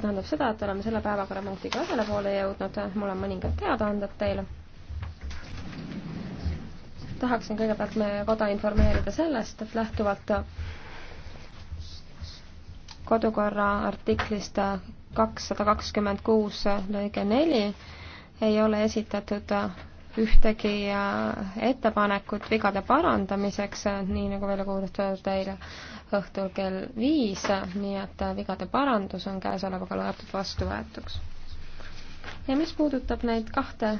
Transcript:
see tähendab seda, et oleme selle päevakorrapunktiga ühele poole jõudnud, mul on mõningad teadaanded teile. tahaksin kõigepealt meie koda informeerida sellest, et lähtuvalt kodukorra artiklist kakssada kakskümmend kuus lõige neli ei ole esitatud ühtegi äh, ettepanekut vigade parandamiseks, nii nagu välja kuulutatud eile õhtul kell viis, nii et vigade parandus on käesolevaga loetud vastuvõetuks. ja mis puudutab neid kahte